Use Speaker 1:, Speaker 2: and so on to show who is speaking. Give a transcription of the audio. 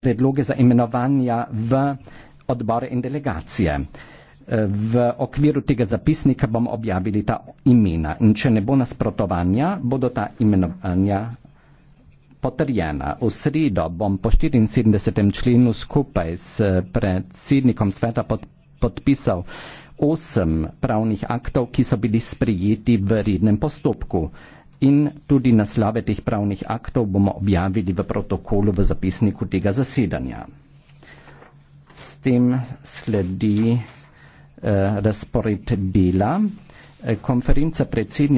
Speaker 1: predloge za imenovanja v odbore in delegacije. V okviru tega zapisnika bomo objavili ta imena in če ne bo nasprotovanja, bodo ta imenovanja potrjena. V sredo bom po 74. členu skupaj s predsednikom sveta pod, podpisal osem pravnih aktov, ki so bili sprijeti v rednem postopku in tudi naslove teh pravnih aktov bomo objavili v protokolu v zapisniku tega zasedanja. S tem sledi eh, razpored dela. Eh, konferenca predsednik